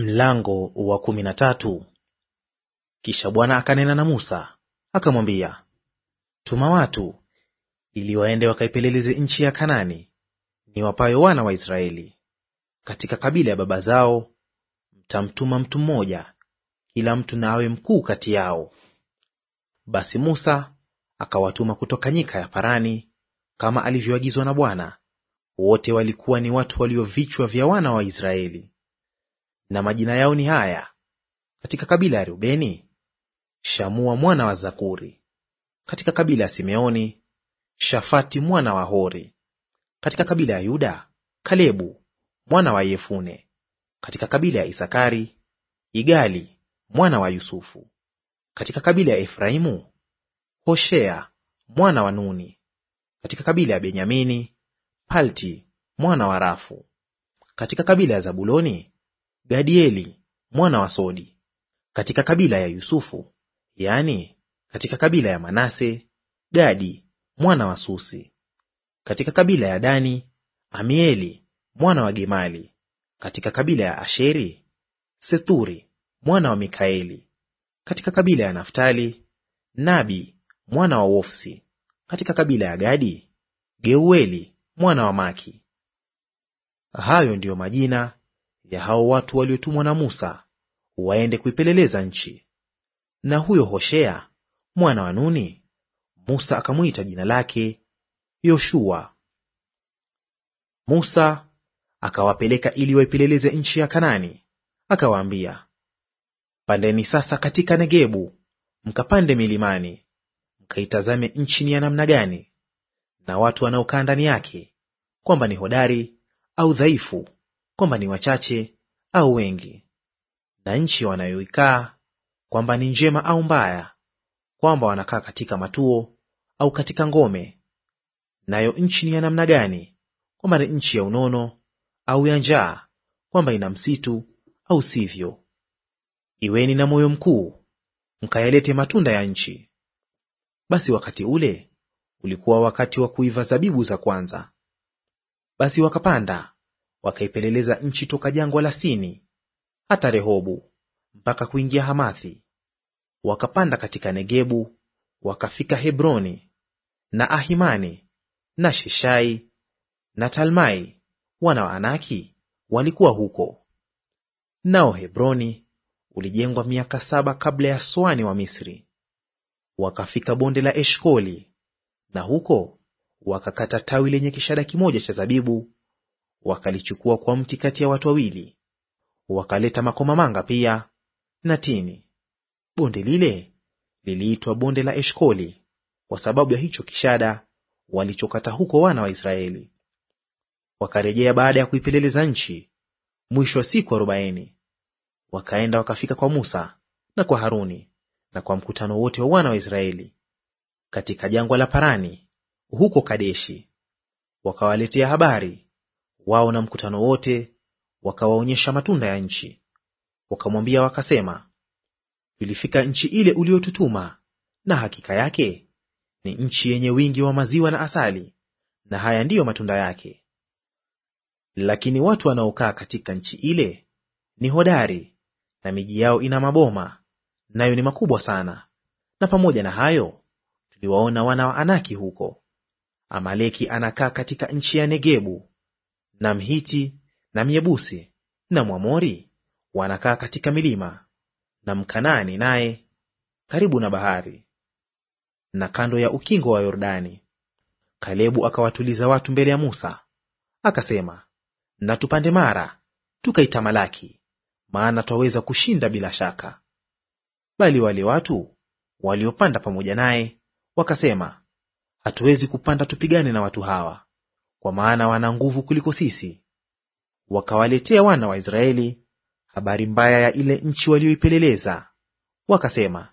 Mlango wa kumi na tatu. Kisha Bwana akanena na Musa akamwambia, tuma watu ili waende wakaipeleleze nchi ya Kanani ni wapayo wana wa Israeli. Katika kabila ya baba zao mtamtuma mtu mmoja, kila mtu na awe mkuu kati yao. Basi Musa akawatuma kutoka nyika ya Parani kama alivyoagizwa na Bwana. Wote walikuwa ni watu waliovichwa vya wana wa Israeli na majina yao ni haya: katika kabila ya Rubeni, Shamua mwana wa Zakuri; katika kabila ya Simeoni, Shafati mwana wa Hori; katika kabila ya Yuda, Kalebu mwana wa Yefune; katika kabila ya Isakari, Igali mwana wa Yusufu; katika kabila ya Efraimu, Hoshea mwana wa Nuni; katika kabila ya Benyamini, Palti mwana wa Rafu; katika kabila ya Zabuloni, Gadieli mwana wa Sodi, katika kabila ya Yusufu, yani katika kabila ya Manase, Gadi mwana wa Susi; katika kabila ya Dani, Amieli mwana wa Gemali; katika kabila ya Asheri, Sethuri mwana wa Mikaeli; katika kabila ya Naftali, Nabi mwana wa Wofsi; katika kabila ya Gadi, Geueli mwana wa Maki. Hayo ndiyo majina ya hao watu waliotumwa na Musa waende kuipeleleza nchi. Na huyo Hoshea mwana wa Nuni, Musa akamwita jina lake Yoshua. Musa akawapeleka ili waipeleleze nchi ya kanani akawaambia, pandeni sasa katika Negebu, mkapande milimani, mkaitazame nchi ni ya namna gani, na watu wanaokaa ndani yake, kwamba ni hodari au dhaifu, kwamba ni wachache au wengi, na nchi wanayoikaa kwamba ni njema au mbaya, kwamba wanakaa katika matuo au katika ngome. Nayo nchi ni ya namna gani, kwamba ni nchi ya unono au ya njaa, kwamba ina msitu au sivyo. Iweni na moyo mkuu, mkayalete matunda ya nchi. Basi wakati ule ulikuwa wakati wa kuiva zabibu za kwanza. Basi wakapanda wakaipeleleza nchi toka jangwa la Sini hata Rehobu mpaka kuingia Hamathi, wakapanda katika Negebu wakafika Hebroni na Ahimani na Sheshai na Talmai wana wa Anaki walikuwa huko. Nao Hebroni ulijengwa miaka saba kabla ya Soani wa Misri. Wakafika bonde la Eshkoli, na huko wakakata tawi lenye kishada kimoja cha zabibu wakalichukua kwa mti kati ya watu wawili, wakaleta makomamanga pia na tini. Bonde lile liliitwa bonde la Eshkoli kwa sababu ya hicho kishada walichokata huko wana wa Israeli. Wakarejea baada ya kuipeleleza nchi mwisho wa siku arobaini, wakaenda wakafika kwa Musa na kwa Haruni na kwa mkutano wote wa wana wa Israeli katika jangwa la Parani huko Kadeshi, wakawaletea habari wao na mkutano wote wakawaonyesha matunda ya nchi. Wakamwambia wakasema, tulifika nchi ile uliyotutuma, na hakika yake ni nchi yenye wingi wa maziwa na asali, na haya ndiyo matunda yake. Lakini watu wanaokaa katika nchi ile ni hodari, na miji yao ina maboma, nayo ni makubwa sana. Na pamoja na hayo tuliwaona wana wa Anaki huko. Amaleki anakaa katika nchi ya Negebu, na Mhiti na Myebusi na Mwamori wanakaa katika milima, na Mkanaani naye karibu na bahari na kando ya ukingo wa Yordani. Kalebu akawatuliza watu mbele ya Musa, akasema, na tupande Mara tukaitamalaki, maana twaweza kushinda bila shaka. Bali wale watu waliopanda pamoja naye wakasema, hatuwezi kupanda tupigane na watu hawa kwa maana wana nguvu kuliko sisi. Wakawaletea wana wa Israeli habari mbaya ya ile nchi walioipeleleza, wakasema,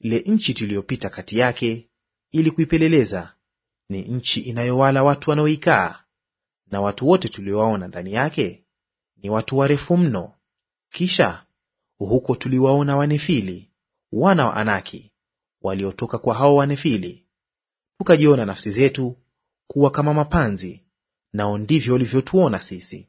ile nchi tuliyopita kati yake ili kuipeleleza ni nchi inayowala watu wanaoikaa, na watu wote tuliowaona ndani yake ni watu warefu mno. Kisha huko tuliwaona Wanefili, wana wa Anaki, waliotoka kwa hao Wanefili; tukajiona nafsi zetu kuwa kama mapanzi nao ndivyo walivyotuona sisi.